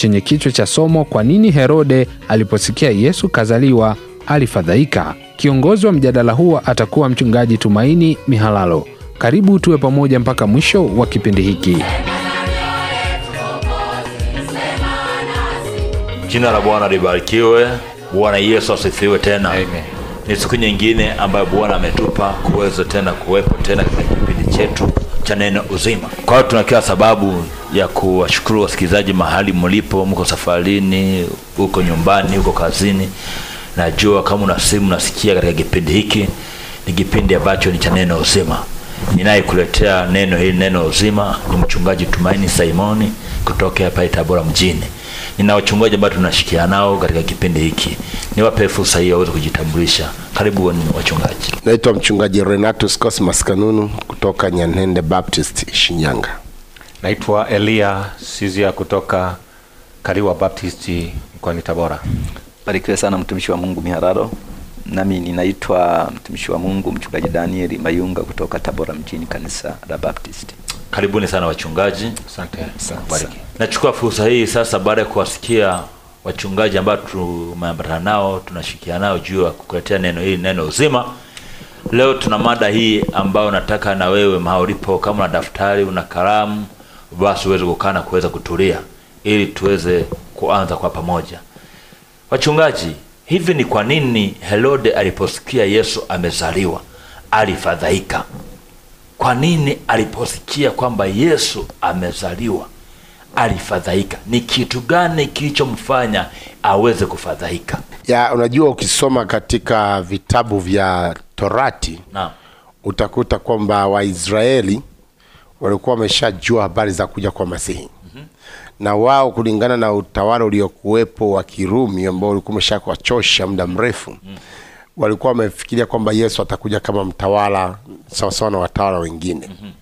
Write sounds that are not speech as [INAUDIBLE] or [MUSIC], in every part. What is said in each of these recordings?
chenye kichwa cha somo, kwa nini Herode aliposikia Yesu kazaliwa alifadhaika? Kiongozi wa mjadala huo atakuwa Mchungaji Tumaini Mihalalo. Karibu tuwe pamoja mpaka mwisho wa kipindi hiki. Jina la Bwana libarikiwe. Bwana Yesu asifiwe tena. Amen. Ni siku nyingine ambayo Bwana ametupa kuweza tena kuwepo tena katika kipindi chetu cha neno uzima. Kwa hiyo tuna kila sababu ya kuwashukuru wasikilizaji mahali mlipo, mko safarini, uko nyumbani, uko kazini. Najua kama una simu nasikia katika kipindi hiki, ni kipindi ambacho ni cha neno uzima. Ninayekuletea neno hili neno uzima ni mchungaji Tumaini Simoni kutoka hapa Tabora mjini. Nina wachungaji ambao tunashikia nao katika kipindi hiki, niwape fursa hii waweze kujitambulisha. Karibu wachungaji. Naitwa mchungaji Renatus Cosmas Kanunu kutoka Nyanende Baptist Shinyanga. Naitwa Elia Sizia kutoka Kaliwa Baptist mkoani Tabora. Barikiwe sana mtumishi wa Mungu Mihararo. Nami ninaitwa mtumishi wa Mungu mchungaji Daniel Mayunga kutoka Tabora mjini, kanisa la Baptist. Karibuni sana wachungaji. Asante. Bariki. Nachukua fursa hii sasa baada ya kuwasikia wachungaji ambao tumeambatana nao, tunashikia nao juu ya kukuletea neno hili, neno uzima. Leo tuna mada hii ambayo nataka na wewe mahali ulipo, kama una daftari, una kalamu basi uweze kukaa na kuweza kutulia ili tuweze kuanza kwa pamoja. Wachungaji, hivi ni kwa nini Herode aliposikia Yesu amezaliwa alifadhaika? Kwa nini aliposikia kwamba Yesu amezaliwa alifadhaika? Ni kitu gani kilichomfanya aweze kufadhaika? Ya, unajua ukisoma katika vitabu vya Torati na utakuta kwamba Waisraeli walikuwa wameshajua habari za kuja kwa Masihi mm-hmm. na wao kulingana na utawala uliokuwepo wa Kirumi ambao ulikuwa umeshakuwachosha muda mrefu mm-hmm. walikuwa wamefikiria kwamba Yesu atakuja kama mtawala sawasawa na watawala wengine mm-hmm.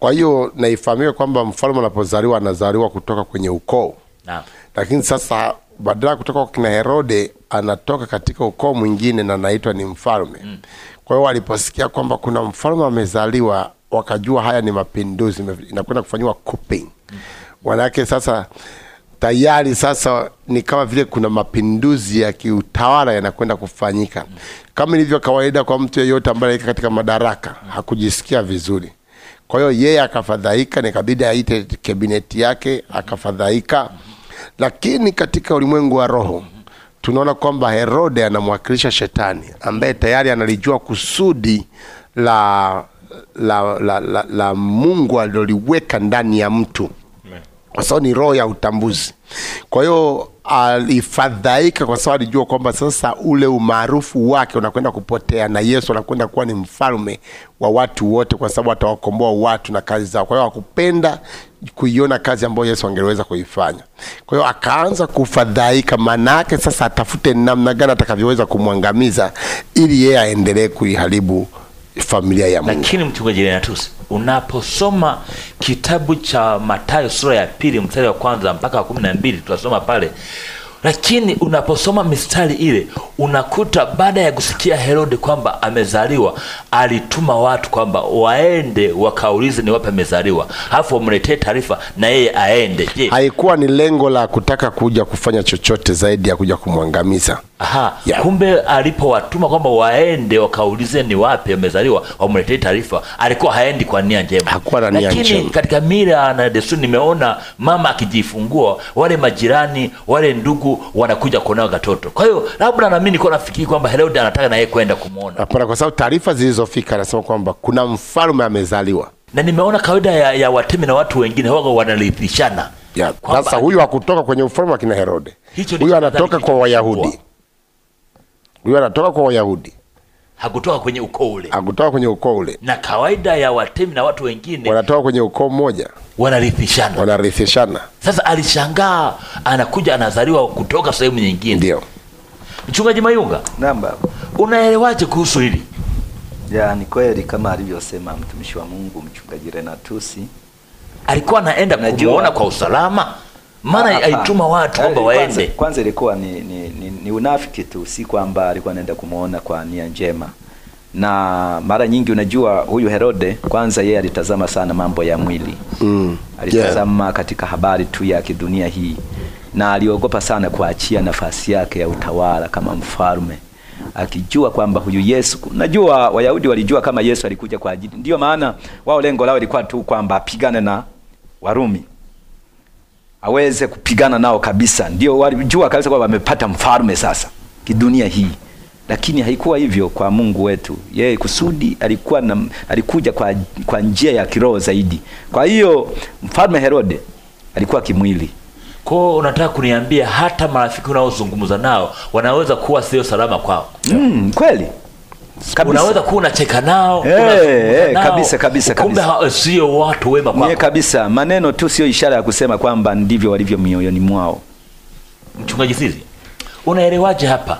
kwa hiyo naifahamika kwamba mfalme anapozaliwa anazaliwa kutoka kwenye ukoo nah. lakini sasa badala kutoka kina Herode anatoka katika ukoo mwingine na anaitwa ni mfalme mm. kwa hiyo waliposikia kwamba kuna mfalme amezaliwa wakajua haya ni mapinduzi, inakwenda kufanyiwa coping mm. Manake sasa tayari sasa ni kama vile kuna mapinduzi ya kiutawala yanakwenda kufanyika Kama ilivyo kawaida kwa mtu yeyote ambaye aika katika madaraka hakujisikia vizuri, kwa hiyo yeye akafadhaika, nikabidi aite kabineti yake akafadhaika Lakini katika ulimwengu wa roho tunaona kwamba Herode anamwakilisha shetani ambaye tayari analijua kusudi la la, la, la, la Mungu aliloliweka ndani ya mtu, kwa sababu ni roho ya utambuzi. Kwa hiyo alifadhaika, kwa sababu alijua kwamba sasa ule umaarufu wake unakwenda kupotea, na Yesu anakwenda kuwa ni mfalme wa watu wote, kwa sababu atawakomboa watu na kazi zao. Kwa hiyo akupenda kuiona kazi ambayo Yesu angeweza kuifanya. Kwa hiyo akaanza kufadhaika, maana yake sasa atafute namna gani atakavyoweza kumwangamiza ili yeye aendelee kuiharibu familia ya Mungu. Lakini mchungaji Renatus, unaposoma kitabu cha Mathayo sura ya pili mstari wa kwanza mpaka wa kumi na mbili tunasoma pale, lakini unaposoma mistari ile unakuta baada ya kusikia Herode kwamba amezaliwa, alituma watu kwamba waende wakaulize ni wapi amezaliwa, alafu wamletee taarifa na yeye aende. Je, haikuwa ni lengo la kutaka kuja kufanya chochote zaidi ya kuja kumwangamiza? Aha, yeah. Kumbe alipowatuma kwamba waende wakaulize ni wapi amezaliwa, wamletee taarifa, alikuwa haendi kwa nia njema, hakuwa na nia njema. Lakini katika mila na desturi nimeona mama akijifungua, wale majirani wale ndugu wanakuja kuonawa katoto, kwa hiyo labda na mimi niko nafikiri kwamba Herod anataka na yeye kwenda kumuona. hapana, kwa sababu taarifa zilizofika nasema kwamba kuna mfalme amezaliwa, na nimeona kawaida ya, ya Watemi na watu wengine wao wanarithishana. Sasa huyu hakutoka kwenye ufalme wa kina Herode, huyu anatoka kwa Wayahudi, huyu anatoka kwa Wayahudi hakutoka kwenye ukoo ule, hakutoka kwenye ukoo ule. Na kawaida ya Watemi na watu wengine wanatoka kwenye ukoo mmoja, wanarithishana, wanarithishana. Sasa alishangaa anakuja anazaliwa kutoka sehemu nyingine, ndio Mchungaji Mayunga, naam baba, unaelewaje kuhusu hili? Ya, ni kweli kama alivyosema mtumishi wa Mungu mchungaji Renatusi alikuwa anaenda kumuona kwa usalama, maana aituma watu kwamba eh, waende. Kwanza ilikuwa ni, ni, ni, ni unafiki tu, si kwamba alikuwa anaenda kumuona kwa nia njema. Na mara nyingi unajua, huyu Herode kwanza, yeye alitazama sana mambo ya mwili mm. alitazama yeah. katika habari tu ya kidunia hii na aliogopa sana kuachia nafasi yake ya utawala kama mfalme, akijua kwamba huyu Yesu, najua Wayahudi walijua kama Yesu alikuja kwa ajili, ndio maana wao lengo lao lilikuwa tu kwamba apigane na Warumi, aweze kupigana nao kabisa. Ndio walijua kabisa kwamba wamepata mfalme sasa kidunia hii, lakini haikuwa hivyo kwa Mungu wetu. Yeye kusudi alikuwa na, alikuja kwa, kwa njia ya kiroho zaidi. Kwa hiyo mfalme Herode alikuwa kimwili kwao. Unataka kuniambia hata marafiki unaozungumza nao wanaweza kuwa sio salama kwao? Mm, kweli kabisa. Unaweza kuwa unacheka nao, hey, eh, eh, hey, nao kabisa kabisa kabisa, kumbe sio watu wema kwako. Kabisa, maneno tu sio ishara ya kusema kwamba ndivyo walivyo mioyoni mwao. Mchungaji Sisi, unaelewaje hapa?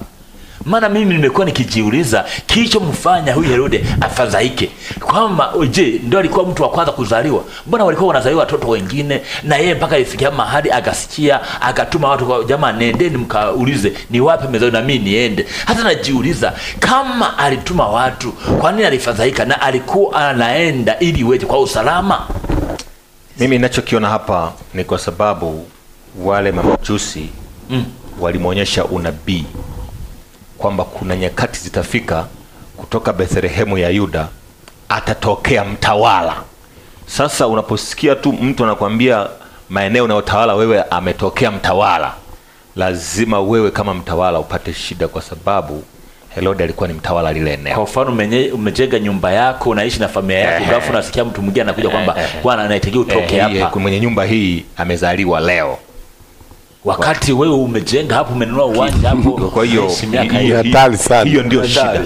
Maana mimi nimekuwa nikijiuliza kilichomfanya huyu Herode afadhaike kwamba je, ndio alikuwa mtu wa kwanza kuzaliwa? Mbona walikuwa wanazaliwa watoto wengine? Na yeye mpaka ifikia mahali akasikia, akatuma watu kwa jamaa, nendeni mkaulize ni wapi mezao na mimi niende. Hata najiuliza kama alituma watu, kwa nini alifadhaika na alikuwa anaenda ili weje Kwa usalama. Mimi ninachokiona hapa ni kwa sababu wale mamajusi mm. walimwonyesha unabii kwamba kuna nyakati zitafika kutoka Bethlehemu ya Yuda atatokea mtawala. Sasa unaposikia tu mtu anakwambia maeneo unayotawala wewe ametokea mtawala, lazima wewe kama mtawala upate shida, kwa sababu Herode alikuwa ni mtawala lile eneo. Kwa mfano, umejenga nyumba yako, unaishi na familia yako, alafu unasikia mtu mwingine anakuja kwamba bwana, anahitaji utoke hapa, mwenye nyumba hii amezaliwa leo wakati wewe umejenga hapo, umenunua uwanja hapo. Kwa hiyo hatari sana, hiyo ndio shida,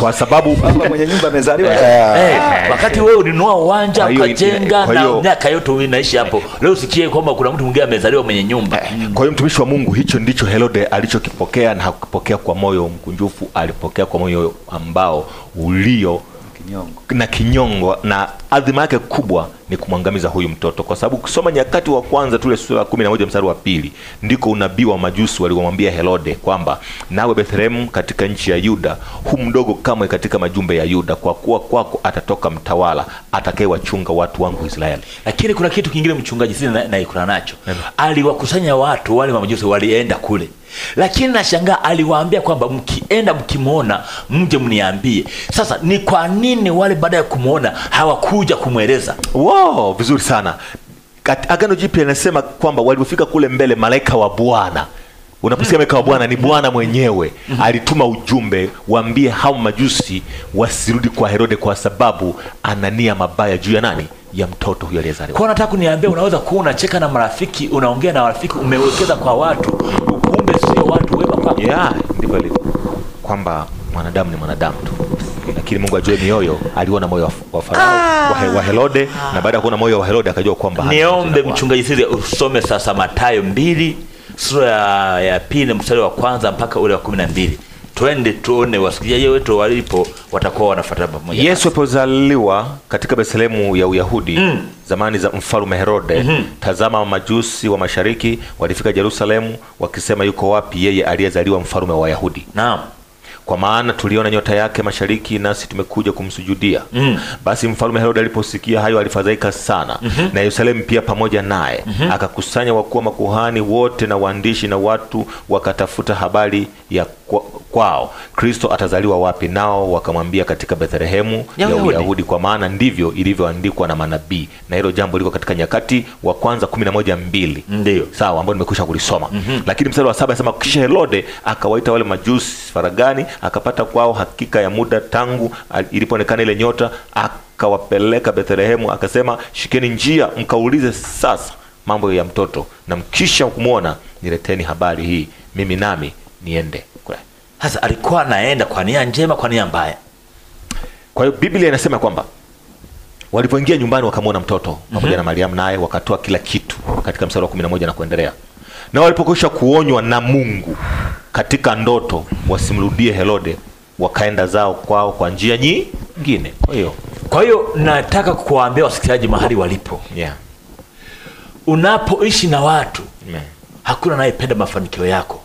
kwa sababu baba [LAUGHS] mwenye nyumba amezaliwa eh. eh, wakati wewe ulinunua uwanja ukajenga, na miaka yote unaishi hapo. Leo usikie kwamba kuna mtu mwingine amezaliwa mwenye nyumba. Eh. Kwa hiyo mtumishi wa Mungu, hicho ndicho Herode alichokipokea, na hakukipokea kwa moyo mkunjufu, alipokea kwa moyo ambao ulio kinyongo na kinyongo, na adhima yake kubwa ni kumwangamiza huyu mtoto, kwa sababu kusoma Nyakati wa kwanza tule sura ya kumi na moja mstari wa pili ndiko unabii wa majusi waliomwambia Herode kwamba nawe Bethlehemu katika nchi ya Yuda hu mdogo kamwe katika majumbe ya Yuda, kwa kuwa kwako atatoka mtawala atakayewachunga watu wangu Israeli. Lakini kuna kitu kingine mchungaji, sisi naikula na nacho mm. aliwakusanya watu wale wa majusi walienda kule lakini nashangaa aliwaambia kwamba mkienda mkimwona mje mniambie. Sasa ni kwa nini wale baada ya kumwona hawakuja kumweleza? wa Oh, vizuri sana. Agano Jipya linasema kwamba walipofika kule mbele, malaika wa Bwana unaposema malaika wa Bwana ni Bwana mwenyewe mhm. alituma ujumbe, waambie hao majusi wasirudi kwa Herode, kwa sababu anania mabaya juu ya nani ya mtoto huyo aliyezaliwa. Kwa nataka kuniambia, unaweza kuwa unacheka na marafiki, unaongea na marafiki, umewekeza kwa watu, kumbe sio watu wema kwako. Yeah, ndivyo ilivyo, kwamba mwanadamu ni mwanadamu tu lakini Mungu ajue mioyo, aliona moyo wa Farao ah, wa Herode ah, na baada ya kuona moyo wa Herode akajua kwamba. Niombe mchungaji sisi usome sasa Mathayo mbili sura ya, ya pili mstari wa kwanza mpaka ule wa kumi na mbili twende tuone wasikiliaji wetu walipo watakuwa wanafuata pamoja. Yesu alipozaliwa katika Bethlehemu ya Uyahudi mm. zamani za mfalme Herode mm -hmm. Tazama, majusi wa mashariki walifika Yerusalemu wakisema, yuko wapi yeye aliyezaliwa mfalme wa Wayahudi? Naam kwa maana tuliona nyota yake mashariki, nasi tumekuja kumsujudia. mm. Basi mfalme Herode aliposikia hayo alifadhaika sana, mm -hmm. na Yerusalemu pia pamoja naye, mm -hmm. akakusanya wakuu wa makuhani wote na waandishi na watu, wakatafuta habari ya kwao, Kristo atazaliwa wapi? Nao wakamwambia katika Bethlehemu ya Uyahudi, kwa maana ndivyo ilivyoandikwa na manabii. Na hilo jambo liko katika Nyakati wa Kwanza kumi na moja mbili ndio sawa, ambao nimekwisha kulisoma mm -hmm. Lakini msari wa saba anasema kisha Herode akawaita wale majusi faragani, akapata kwao hakika ya muda tangu ilipoonekana ile nyota, akawapeleka Bethlehemu, akasema, shikeni njia mkaulize sasa mambo ya mtoto, na mkisha kumwona nileteni habari hii, mimi nami niende sasa alikuwa anaenda kwa nia njema, kwa nia mbaya. Kwa hiyo Biblia inasema kwamba walipoingia nyumbani wakamwona mtoto pamoja na mhm. Mariamu, naye wakatoa kila kitu, katika mstari wa moja na kuendelea. Na walipokwisha kuonywa na Mungu katika ndoto wasimrudie Herode, wakaenda zao kwao kwa njia nyingine. Kwa hiyo kwa hiyo nataka kuwaambia wasikilizaji mahali walipo, yeah. Unapoishi na watu yeah. Hakuna anayependa mafanikio yako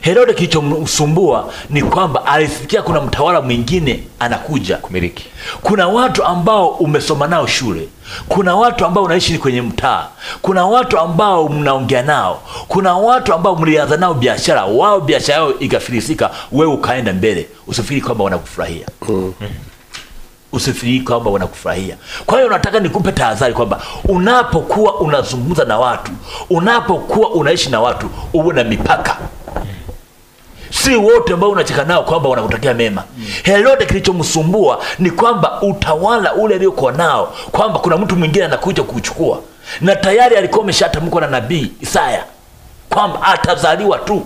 Herode kilichomsumbua ni kwamba alisikia kuna mtawala mwingine anakuja kumiliki. Kuna watu ambao umesoma nao shule, kuna watu ambao unaishi kwenye mtaa, kuna watu ambao mnaongea nao, kuna watu ambao mlianza nao biashara, wao biashara yao ikafilisika, wewe ukaenda mbele. Usifikiri kwamba wanakufurahia mm. Mm-hmm. Usifikiri kwamba wanakufurahia. Kwa hiyo nataka nikupe tahadhari kwamba unapokuwa unazungumza na watu, unapokuwa unaishi na watu, uwe na mipaka si wote ambao unacheka nao kwamba wanakutakia mema mm. Herode kilichomsumbua ni kwamba utawala ule aliokuwa nao kwamba kuna mtu mwingine anakuja kuchukua, na tayari alikuwa ameshatamkwa na nabii Isaya kwamba atazaliwa tu.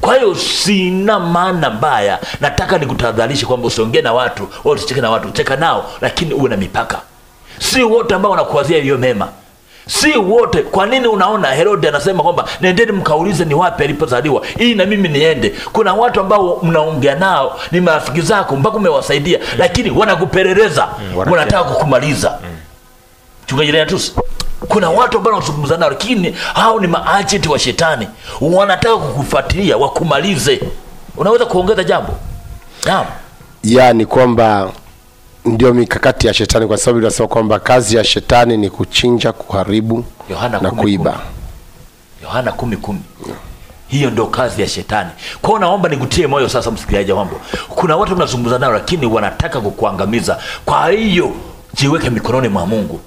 Kwa hiyo sina maana mbaya, nataka nikutahadharishe kwamba usiongee na watu wao, usicheke na watu. Cheka nao, lakini uwe na mipaka. Si wote ambao wanakuwazia iliyo mema si wote. Kwa nini unaona Herode anasema kwamba nendeni mkaulize ni wapi alipozaliwa, ili na mimi niende? Kuna watu ambao mnaongea nao, ni marafiki zako mpaka umewasaidia mm. lakini wanakupeleleza mm, wanataka kukumaliza mm. Chungaji Renatus, kuna watu ambao wanazungumza nao, lakini hao ni maajenti wa Shetani, wanataka kukufuatilia wakumalize. Unaweza kuongeza jambo? Naam, ya ni kwamba ndio mikakati ya shetani, kwa sababu inasema kwamba kazi ya shetani ni kuchinja, kuharibu Yohana na kumi, kuiba kumi. Yohana kumi, kumi. Yeah. Hiyo ndo kazi ya shetani. Kwa hiyo naomba nikutie moyo sasa, msikilizaji wa mambo, kuna watu mnazungumza nao, lakini wanataka kukuangamiza. Kwa hiyo jiweke mikononi mwa Mungu.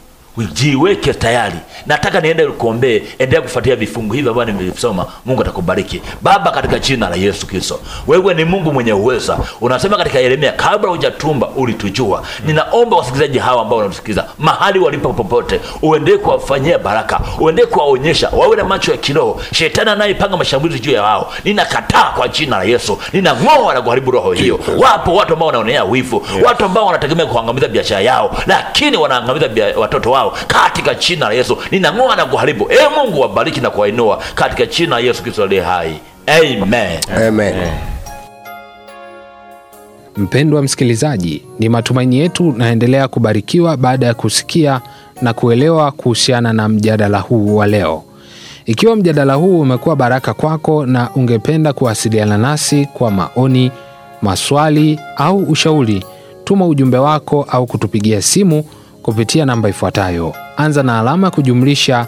Jiweke tayari, nataka niende kuombee. Endelea kufuatia vifungu hivi ambavyo nimevisoma. Mungu atakubariki. Baba, katika jina la Yesu Kristo, wewe ni Mungu mwenye uweza. Unasema katika Yeremia, kabla hujatumba ulitujua. Ninaomba wasikilizaji hawa ambao wanatusikiliza mahali walipo popote, uendee kuwafanyia baraka, uendee kuwaonyesha, wawe na macho ya kiroho. Shetani anayepanga mashambulizi juu ya wao, ninakataa kwa jina la Yesu, ninang'oa na kuharibu roho hiyo. Wapo watu ambao wanaonea wivu, watu ambao wanategemea kuangamiza biashara yao, lakini wanaangamiza watoto wao wao katika jina la Yesu. Ninang'oa na kuharibu. E Mungu, wabariki na kuwainua katika jina la Yesu Kristo aliye hai. Amen. Amen. Mpendwa msikilizaji, ni matumaini yetu naendelea kubarikiwa baada ya kusikia na kuelewa kuhusiana na mjadala huu wa leo. Ikiwa mjadala huu umekuwa baraka kwako na ungependa kuwasiliana nasi kwa maoni, maswali au ushauri, tuma ujumbe wako au kutupigia simu kupitia namba ifuatayo: anza na alama kujumlisha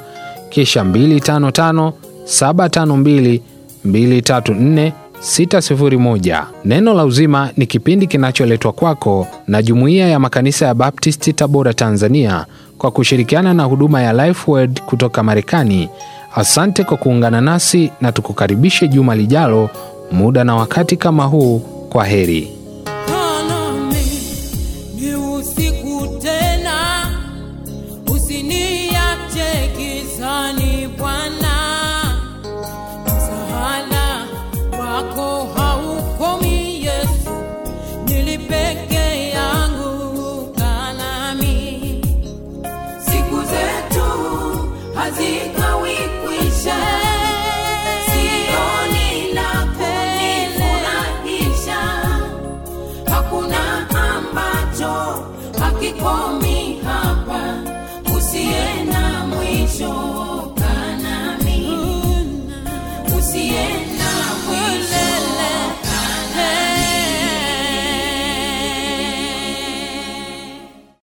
kisha 255 Neno la Uzima ni kipindi kinacholetwa kwako na Jumuiya ya Makanisa ya Baptisti Tabora, Tanzania, kwa kushirikiana na huduma ya Lifeword kutoka Marekani. Asante kwa kuungana nasi na tukukaribishe juma lijalo, muda na wakati kama huu. Kwa heri. Brasil.